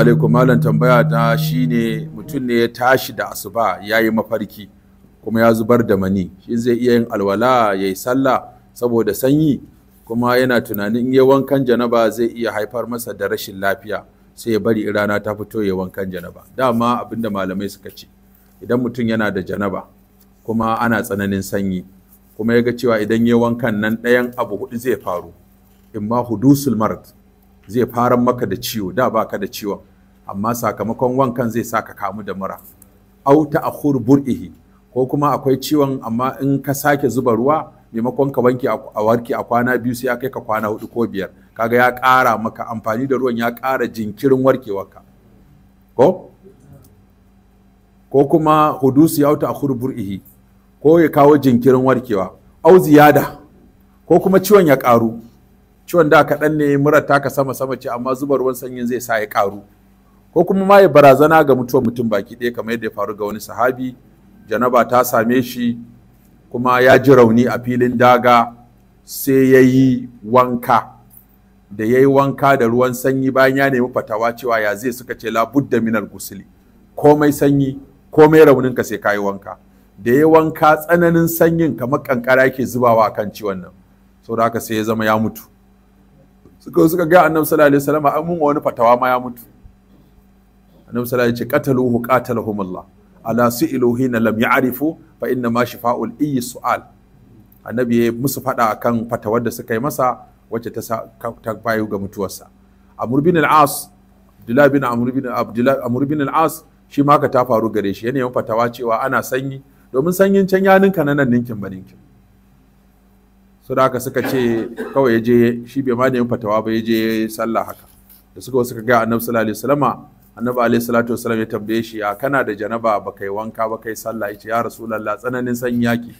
alaikum malam tambaya ta shine mutum ne ya tashi da asuba ya yi mafarki kuma ya zubar da mani shi zai iya yin alwala ya yi sallah saboda sanyi kuma yana tunanin ya wankan janaba zai iya haifar masa da rashin lafiya sai ya bari rana ta fito ya wankan janaba dama abinda malamai suka ce idan mutum yana da janaba kuma ana tsananin sanyi kuma ya ga cewa idan ya wankan nan ɗayan abu hudu zai faru imma hudusul mart zai fara maka da ciwo da baka da ciwon amma sakamakon wankan zai sa ka kamu da mura au ta'khur bur'ihi ko kuma akwai ciwon amma in ka sake zuba ruwa maimakon ka wanke a warke a kwana biyu sai ya kai ka kwana hudu ko biyar kaga ya ƙara maka amfani da ruwan ya ƙara jinkirin warkewarka ko ko kuma hudusu ya wuta a bur'ihi ko ya kawo jinkirin warkewa au ziyada ko kuma ciwon ya ƙaru ciwon da kaɗan ne murar taka sama sama ce amma zuba ruwan sanyin zai sa ya ƙaru ko kuma ma ya barazana ga mutuwar mutum baki ɗaya kamar yadda ya faru ga wani sahabi janaba ta same shi kuma ya ji rauni a filin daga sai ya yi wanka da ya yi wanka da ruwan sanyi bayan ya nemi fatawa cewa ya zai suka ce labudda minal gusuli komai sanyi komai raunin ka sai ka yi wanka da ya yi wanka tsananin sanyin kamar kankara yake zubawa kan ciwon nan saboda haka sai ya zama ya mutu suka suka ga annabi sallallahu alaihi wasallam a mun wani fatawa ma ya mutu annabi sallallahu alaihi qataluhu Allah ala su'ilu na lam ya'rifu fa inna ma shifa'ul ayyi su'al annabi ya musu fada akan fatawar da suka yi masa wacce ta ta bayu ga mutuwarsa amr bin al-as abdullah bin amr bin abdullah amr bin al-as shi ma ka ta faru gare shi yana yin fatawa cewa ana sanyi domin sanyin can ya ninka na nan ninkin ba ninkin su da haka suka ce kawai ya je shi bai ma da yin fatawa ba ya je sallah haka da suka suka ga annabi sallallahu alaihi wasallama annabi alaihi salatu wasallam ya tambaye shi a kana da janaba ba kai wanka ba kai sallah yace ya rasulullah tsananin sanyi yaki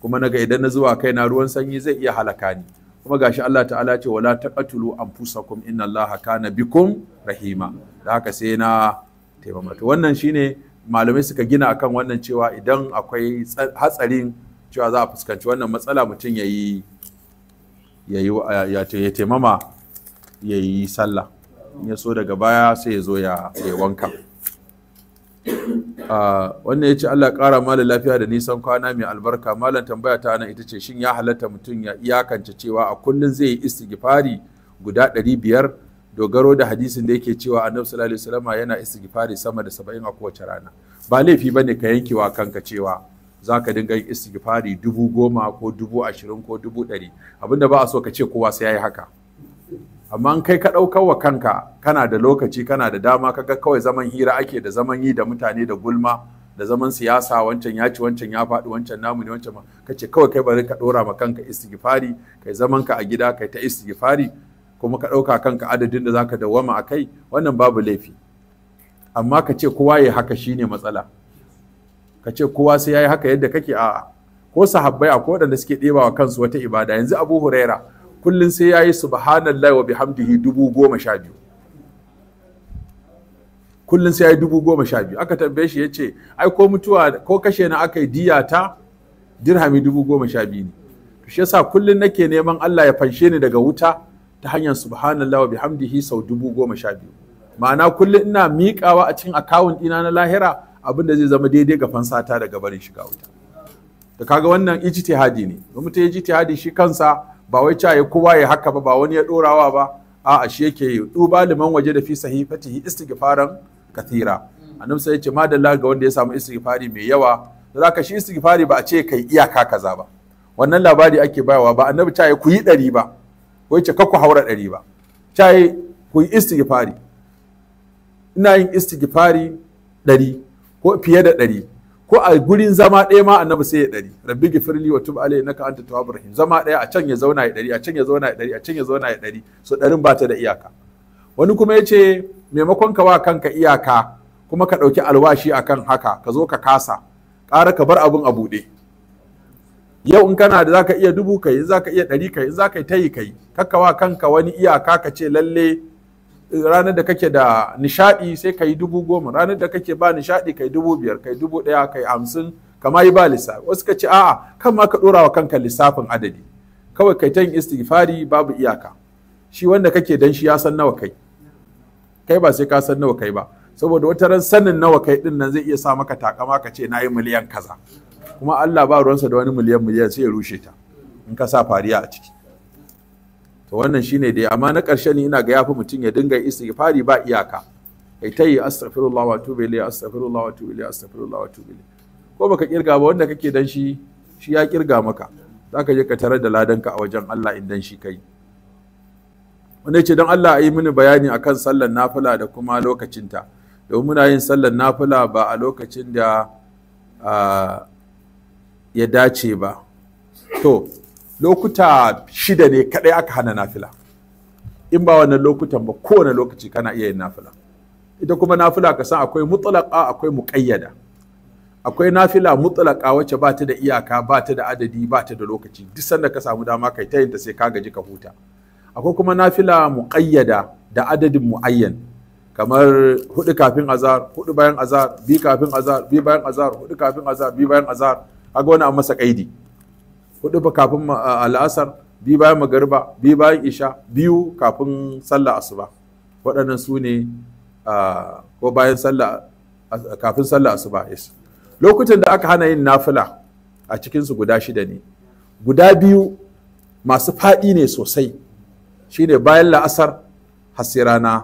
kuma naga idan na zuwa kai na ruwan sanyi zai iya halaka ni kuma gashi Allah ta'ala ce wala taqatulu anfusakum inna Allaha kana bikum rahima da haka sai na taimama to wannan shine malamai suka gina akan wannan cewa idan akwai hatsarin cewa za a fuskanci wannan matsala mutum yayi yayi ya taimama yayi sallah ya so daga baya sai ya zo ya wanka ah, wannan ya ce Allah ƙara malam lafiya da nisan kwana mai albarka malam tambaya ta nan ita ce shin ya halatta mutum ya iyakance cewa a kullum zai yi istighfari guda ɗari biyar dogaro da hadisin da yake cewa annabi sallallahu alaihi wasallam yana istighfari sama da saba'in a kowace rana ba laifi ba ne ka yankewa kanka cewa za ka dinga yin istighfari dubu goma ko dubu ashirin ko dubu ɗari abinda ba a so ka ce kowa sai ya yi haka amma kai ka ɗauka wa kanka kana da lokaci kana da dama ka ga kawai zaman hira ake da zaman yi da mutane da gulma da zaman siyasa wancan ya ci wancan ya faɗi wancan namu ne wancan ka ce kawai kai bari ka ɗora ma kanka istighfari kai zaman ka a gida kai ta istighfari kuma ka ɗauka kanka adadin da zaka dawwama a kai wannan babu laifi amma ka ce kowa ya haka shine matsala ka ce kowa sai yayi haka yadda kake a ko sahabbai a ko waɗanda suke ɗebawa kansu wata ibada yanzu Abu Huraira kullum sai ya yi subhanallah wa bihamdihi dubu goma sha biyu kullum sai ya yi dubu goma sha biyu aka tambaye shi ya ce ai ko mutuwa ko kashe na aka yi diya ta dirhami dubu goma sha biyu ne to shi yasa kullum nake neman Allah ya fanshe ni daga wuta ta hanyar subhanallah wa bihamdihi sau dubu goma sha biyu ma'ana kullum ina miƙawa a cikin akawun ɗina na lahira abin da zai zama daidai ga fansata daga barin shiga wuta da kaga wannan ijtihadi ne mutum ya ijtihadi shi kansa ba wai ca ya kowa ya haka ba ba wani ya dorawa ba a'a shi yake yi duba liman waje da fi sahifatihi istighfaran kathira annabi sai ya ce madalla ga wanda ya samu istighfari mai yawa zaka shi istighfari ba a ce kai iyaka kaza ba wannan labari ake bayawa ba annabi ya ku yi ɗari ba ko yace ce ku haura ɗari ba ca ku yi istighfari ina yin istighfari ɗari ko fiye da ɗari ko a gurin zama ɗaya ma annabi sai ya ɗari rabbi gifirli wa tub alai naka anta tawwabur rahim zama ɗaya a can ya zauna ya ɗari a can ya zauna ya ɗari a can ya zauna ya ɗari so ɗarin ba ta da iyaka wani kuma ya ce maimakon ka wa kanka iyaka kuma ka ɗauki alwashi a kan haka ka zo ka kasa ƙara ka bar abin a buɗe yau in kana da zaka iya dubu kai in zaka iya ɗari kai in zaka yi yi kai kakka wa kanka wani iyaka ka ce lalle ranar da kake da nishadi sai ka yi dubu goma ranar da kake ba nishadi ka yi dubu biyar ka yi dubu ɗaya ka yi hamsin kama yi ba lissafi wasu ka ce a'a kan ma ka ɗora wa kanka lissafin adadi kawai kai ta yin istighfari babu iyaka shi wanda kake dan shi ya san nawa kai kai ba sai ka san nawa kai ba saboda wata ran sanin nawa kai din nan zai iya sa maka takama ka ce nayi miliyan kaza kuma Allah ba ruwansa da wani miliyan miliyan sai ya rushe ta in ka sa fariya a ciki to wannan shine dai amma na ƙarshe ne ina ga yafi mutum ya dinga istighfari ba iyaka kai ta yi astaghfirullah wa tubu ilayhi astaghfirullah wa tubu ilayhi astaghfirullah wa tubu ilayhi ko baka kirga ba wanda kake dan shi shi ya kirga maka zaka je ka tarar da ladanka a wajen Allah in dan shi kai wanda yace dan Allah ayi mini bayani akan sallar nafila da kuma lokacinta domin muna yin sallar nafila ba a lokacin da ah, ya dace ba to lokuta shida ne kadai aka hana nafila in ba wannan lokutan ba kowane lokaci kana iya yin nafila ita kuma nafila ka san akwai mutlaqa akwai muqayyada akwai nafila mutlaqa wacce ba ta da iyaka ba ta da adadi ba ta da lokaci duk sanda ka samu dama kai ta yin ta sai ka gaji ka huta akwai kuma nafila muqayyada da adadin muayyan kamar hudu kafin azar hudu bayan azar bi kafin azar bi bayan azar hudu kafin azar bi bayan azar kaga wani an masa kaidi hudu ba kafin al'asar biyu bayan magariba biyu bayan isha biyu kafin sallah asuba waɗannan su ne ko bayan sallah kafin sallah asuba yes lokacin da aka hana yin nafila a cikinsu guda shida ne guda biyu masu faɗi ne sosai shine bayan la'asar hasirana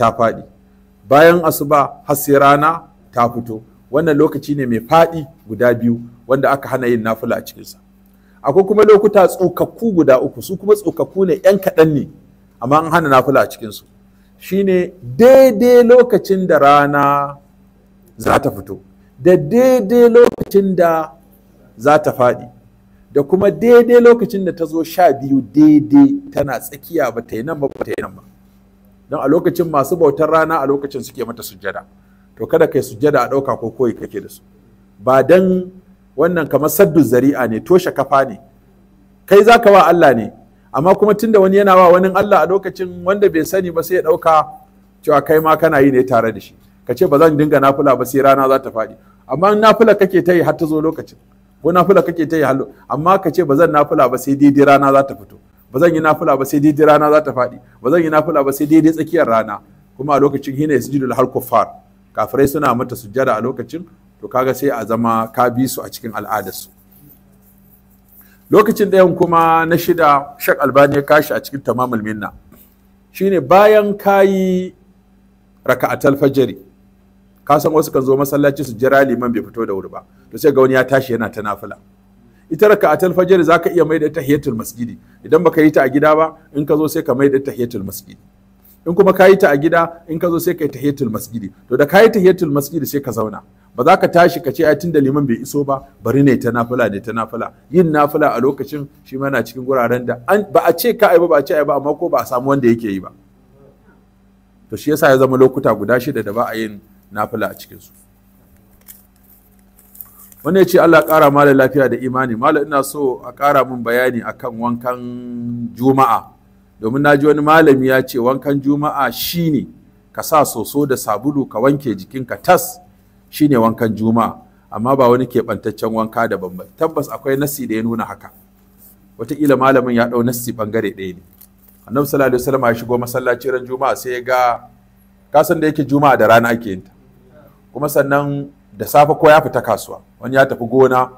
ta faɗi bayan asuba hasirana ta fito wannan lokaci ne mai faɗi guda biyu wanda aka hana yin nafula a cikinsa akwai kuma lokuta tsukakku guda uku su kuma tsukakku ne yan kaɗan ne amma an hana nafula a cikinsu shine daidai lokacin da rana za ta fito da daidai lokacin da za ta faɗi da kuma daidai lokacin da ta zo sha biyu daidai tana tsakiya ba ta yi nan ba ba ta yi nan ba don a lokacin masu bautar rana a lokacin suke mata sujjada. to kada kai sujjada a ɗauka ko koyi kake da su ba dan wannan kamar saddu zari'a ne toshe kafa ne kai za ka wa Allah ne amma kuma tunda wani yana wa wani Allah a lokacin wanda bai sani ba sai ya ɗauka cewa kai ma kana yi ne tare da shi ka ce ba zan dinga nafila ba sai rana za ta faɗi amma nafila kake ta yi har ta zo lokacin ko nafila kake ta yi hallo amma ka ce ba zan nafila ba sai daidai rana za ta fito ba zan yi nafila ba sai daidai rana za ta faɗi ba zan yi nafila ba sai daidai tsakiyar rana kuma a lokacin hina yasjudu al-har kuffar kafirai suna mata sujjada a lokacin to kaga sai a zama ka bi su a cikin al'adarsu lokacin ɗayan kuma na shida shak albani ya kashi a cikin tamamul minna shine bayan kayi raka'atar fajari ka san wasu kan zo masallaci su jira liman bai fito da wuri ba to sai ga wani ya tashi yana ta nafila ita raka'atul fajr zaka iya maida tahiyatul masjidi idan baka yi ta a gida ba in ka zo sai ka maida tahiyatul masjidi in kuma ka yi ta a gida in ka zo sai ka yi tahiyatul masjidi to da ka yi tahiyatul masjidi sai ka zauna ba za ka tashi ka ce ai tunda liman bai iso ba bari ne ta nafila ne ta nafila yin nafila a lokacin shi ma na cikin guraren da ba a ce ka ai ba ba a ce ai ba amma ko ba a samu wanda yake yi ba to shi yasa ya zama lokuta guda shida da ba a yin nafila a cikin su wani ya ce Allah kara mala lafiya da imani mala ina so a kara min bayani akan wankan juma'a domin na ji wani malami ya ce wankan juma'a shine ka sa soso da sabulu ka wanke jikin ka tas shine wankan juma'a amma ba wani keɓantaccen wanka daban ba tabbas akwai nasi da ya nuna haka wataƙila malamin ya ɗau nasi ɓangare ɗaya ne annabi sallallahu alaihi wasallam ya shigo masallaci ran juma'a sai ya ga kasan da yake juma'a da rana ake yin ta kuma sannan da safe ko ya fita kasuwa wani ya tafi gona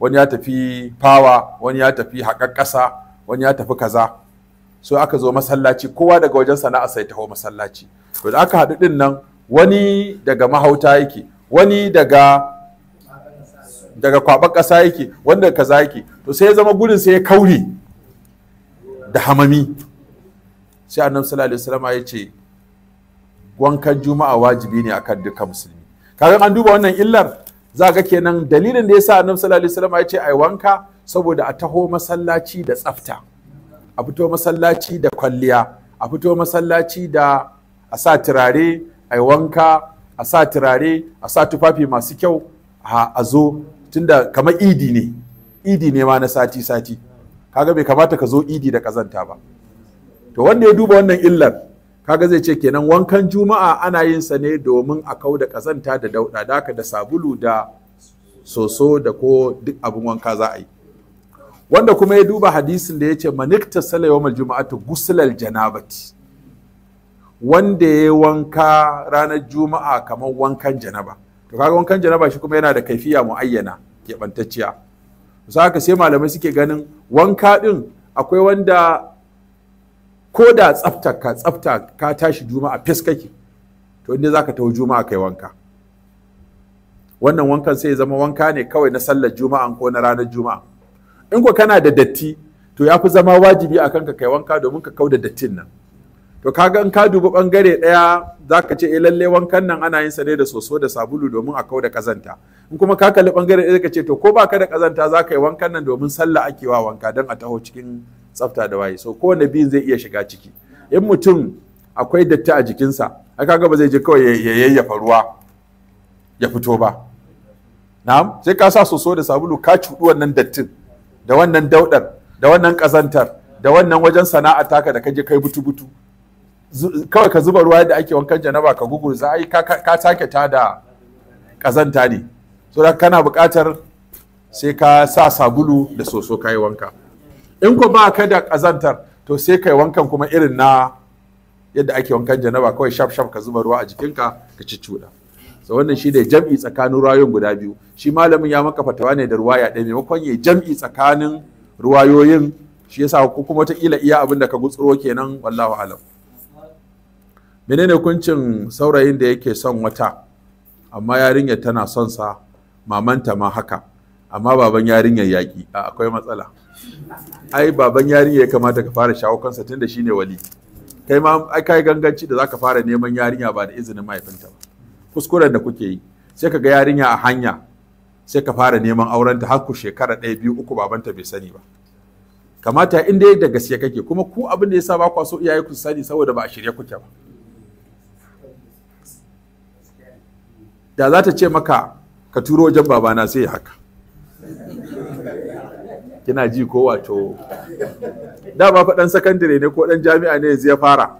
wani ya tafi fawa wani ya tafi haƙar ƙasa wani ya tafi kaza so aka zo masallaci kowa daga wajen sana'a sai taho masallaci to aka haɗu din nan wani daga mahauta yake wani daga daga kwaɓar kasa yake wanda kaza yake to sai ya zama gurin sai ya kauri da hamami sai annabi sallallahu alaihi wasallam ya ce wankan juma'a wajibi ne akan duka musulmi kaga an duba wannan illar za ga kenan dalilin da yasa annabi sallallahu alaihi wasallam ya ce ai wanka saboda a taho masallaci da tsafta a fito masallaci da kwalliya a fito masallaci da a sa turare a yi wanka a sa turare a sa tufafi masu kyau a zo tunda kamar idi ne idi ne ma na sati sati kaga bai kamata ka zo idi da kazanta ba to wanda ya duba wannan illar kaga zai ce kenan wankan juma'a ana yin sa ne domin a kau da kazanta da dauda da da sabulu da soso da ko duk abin wanka za a yi wanda kuma ya duba hadisin da ya ce manikta sala yawmal juma'atu guslal janabati wanda ya wanka ranar juma'a kamar wankan janaba to kaga wankan janaba shi kuma yana da kaifiya muayyana keɓantacciya su haka sai malamai suke ganin wanka din, akwai wanda ko da tsafta ka tsafta ka tashi juma'a fes kake to inda zaka tawo juma'a kai wanka wannan wankan sai ya zama wanka ne kawai na sallar Juma'an ko na ranar juma'a in ko kana da datti to ya fi zama wajibi a kanka kai wanka domin ka kau da dattin nan to kaga in ka duba bangare daya zaka ce eh lalle wankan nan ana yin sa ne da soso da sabulu domin a kau da kazanta in kuma ka kalli bangare daya zaka ce to ko baka da kazanta zaka yi wankan nan domin sallah ake wa wanka dan a taho cikin tsafta da waye so kowane biyun zai iya shiga ciki in mutum akwai datti a jikinsa ai kaga ba zai je kawai ya yayyafa ruwa ya fito ba na'am sai ka sa soso da sabulu ka cuɗi wannan dattin da wannan daudar da wannan kazantar da wannan wajen sana'a taka da kaje kai butu-butu kawai ka zuba ruwa da ake wankan janaba ka za ai ka take ta da kazanta ne so da kana buƙatar sai ka sa sabulu da soso kai wanka in ko ba ka da kazantar to sai kai wankan kuma irin na yadda ake wankan janaba kawai shaf shaf ka zuba ruwa a jikinka ka ci cuɗa sa wannan ne jam'i tsakanin ruwayoyin guda biyu shi malamin ya maka fatawa ne da ruwaya ɗaya maimakon ya jam'i tsakanin ruwayoyin shi yasa ko kuma kila iya abin da ka gutsuro kenan wallahu alam menene hukuncin saurayin da yake son wata amma yarinya tana son sa mamanta ma haka amma baban yarinyar yaƙi a akwai matsala ai baban yarinya ya kamata ka fara shawo kansa tunda shine wali kai ma ai kai ganganci da zaka fara neman yarinya ba da izinin mahaifinta ba kuskuren da kuke yi sai ka ga yarinya a hanya sai ka fara neman auren ta har ku shekara ɗaya biyu uku babanta bai sani ba kamata in dai da gaske kake kuma ku abin da yasa ba ku so iyaye ku sani saboda ba a shirye kuke ba da za ta ce maka ka turo wajen babana sai ya haka kina ji ko wato ba fa dan sakandare ne ko dan jami'a ne ya fara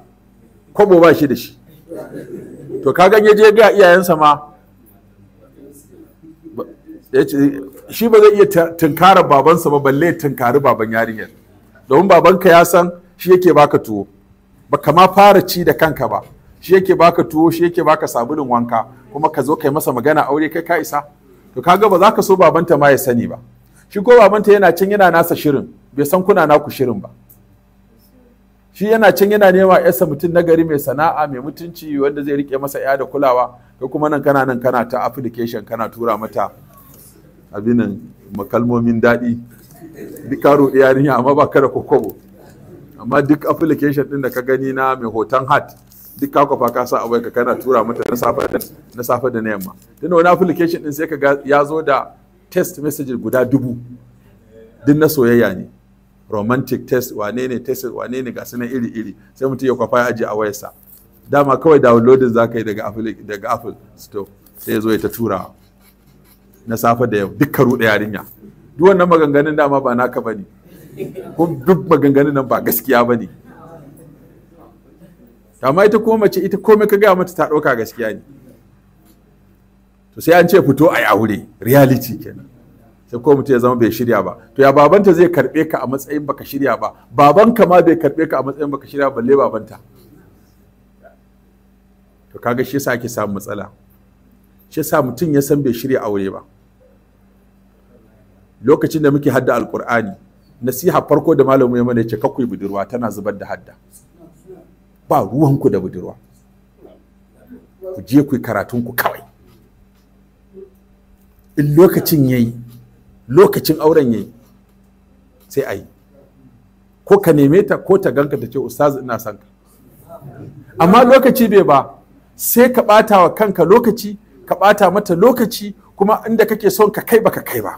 kwabo ba shi da shi to ka ganye je ga iyayensa ma shi ba zai iya tunkarar babansa ba balle tunkari baban yarinyar domin babanka ya san shi yake baka tuwo ba kama fara ci da kanka ba shi yake baka tuwo shi yake baka sabulin wanka kuma ka zo kai masa magana aure kai ka isa to kaga ba za ka so babanta ma ya sani ba shi ko babanta yana can yana nasa shirin bai san kuna naku shirin ba shi yana can yana nema yasa mutum na gari mai sana'a mai mutunci wanda zai rike masa ya da kulawa ka kuma nan kana nan kana ta application kana tura mata abinan makalmomin daɗi duk karo yarinya amma ba ka da kokobo amma duk application din da ka gani na mai hoton hat duk ka kwafa ka sa abai ka kana tura mata na safa da na safa da yamma tunda wani application din sai ka ya zo da test message guda dubu Din na soyayya ne romantic test wane ne test wane ne ga sunan iri iri sai mutum ya kwafa ya ajiye a wayarsa dama kawai downloading za ka yi daga apple daga apple store sai ya zo ya ta tura na safe da yau karu ruɗe yarinya duk wannan maganganun dama ba naka bane ko duk maganganun nan ba gaskiya bane amma ita kuma mace ita komai ka gaya mata ta ɗauka gaskiya ne to sai an ce fito a yi aure reality kenan sai ko mutum ya zama bai shirya ba to ya babanta zai karbe ka a matsayin baka shirya ba Baban ka ma bai karbe ka a matsayin baka shirya balle babanta to kaga shi yasa ake samu matsala shi yasa mutum ya san bai shirya aure ba lokacin da muke hadda alkur'ani nasiha farko da malamu ya mana yace kakwai budurwa tana zubar da hadda ba ku da budurwa ku je ku yi karatunku kawai in lokacin yayi lokacin auren yayi sai a ko ka neme ta ko ta ganka ta ce ustaz ina son ka amma lokaci bai ba sai ka bata wa kanka lokaci ka bata mata lokaci kuma inda kake son ka kai baka kai ba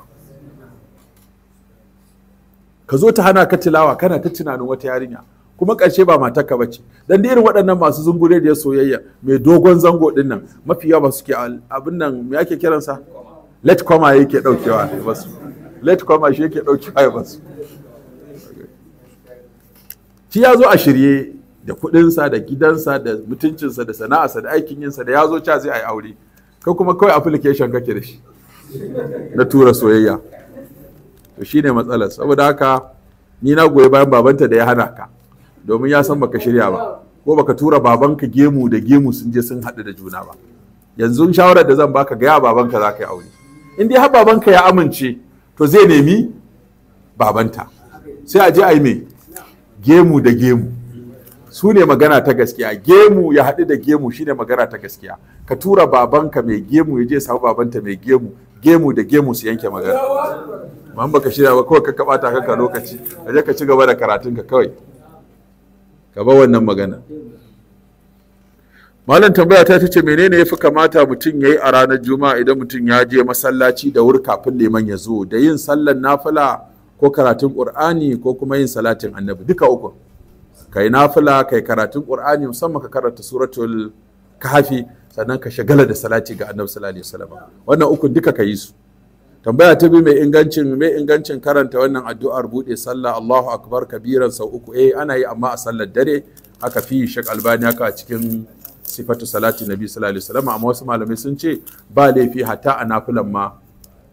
ka zo ta hana ka tilawa kana ta tunanin wata yarinya kuma karshe ba matarka ba ce dan irin waɗannan masu zungure da soyayya mai dogon zango ɗinnan, nan mafi yawa suke abin nan me ake kiransa late yake daukewa ya basu late shi yake daukewa ya basu shi ya zo a shirye da kuɗinsa da gidansa da mutuncinsa da sana'arsa da aikin yinsa da ya zo ca zai aure Ko kuma kawai application kake da shi na tura soyayya to shine matsalar saboda haka ni na goyi bayan babanta da ya hana ka domin ya san baka shirya ba ko baka tura babanka gemu da gemu sun je sun haɗu da juna ba yanzu shawarar da zan baka gaya babanka za ka yi aure in dai har babanka ya amince to zai nemi babanta sai a je a yi mai gemu da gemu su ne magana ta gaskiya gemu ya haɗu da gemu shine magana ta gaskiya ka tura babanka mai gemu ya je samu babanta mai gemu gemu da gemu su yanke magana ba ka shirya ba kawai ka ta kanka lokaci a je ka ci gaba da karatunka kawai ka ba wannan magana malam tambaya ta tace menene yafi kamata mutum yayi a ranar juma'a idan mutum ya je masallaci da wuri kafin neman ya zo da yin sallar nafila ko karatun qur'ani ko kuma yin salatin annabi duka uku kai nafila kai karatun qur'ani musamman ka karanta suratul kahfi sannan ka shagala da salati ga annabi sallallahu alaihi wasallam wannan uku duka ka su tambaya ta biyu mai ingancin mai ingancin karanta wannan addu'ar bude sallah Allahu akbar kabiran sau uku eh ana yi amma a sallar dare aka fi shek albani haka a cikin sifatu salati nabi sallallahu alaihi wasallam amma wasu malamai sun ce ba laifi hatta a nafilan ma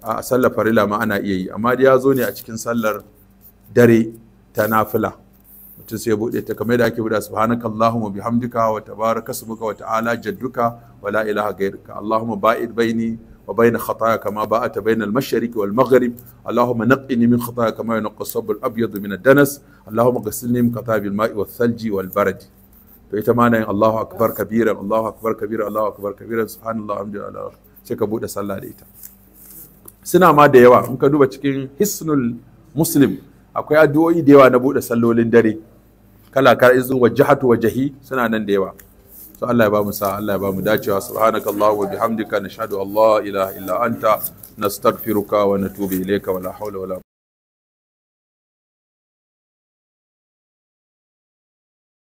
a sallar farila ma ana iya yi amma ya zo ne a cikin sallar dare ta nafila mutum sai ya bude ta kamar da ake buɗa subhanakallahumma bihamdika wa tabaraka subhanaka wa ta'ala jadduka wa la ilaha ghairuka allahumma ba'id baini وبين خطايا كما باءت بين المشرق والمغرب اللهم نقني من خطايا كما ينقى الصب الابيض من الدنس اللهم غسلني من خطايا بالماء wal والبرد to ita ma na yin Allahu akbar kabiran Allahu akbar kabiran Allahu akbar kabiran subhanallah alhamdulillah sai ka bude sallah da ita suna ma da yawa in ka duba cikin hisnul muslim akwai addu'o'i da yawa na bude sallolin dare kala kala izu wajhatu wajhi suna nan da yawa to Allah ya ba mu sa Allah ya ba mu dacewa subhanakallahu wa bihamdika nashhadu an la ilaha illa anta nastaghfiruka wa natubu ilayka wala hawla wala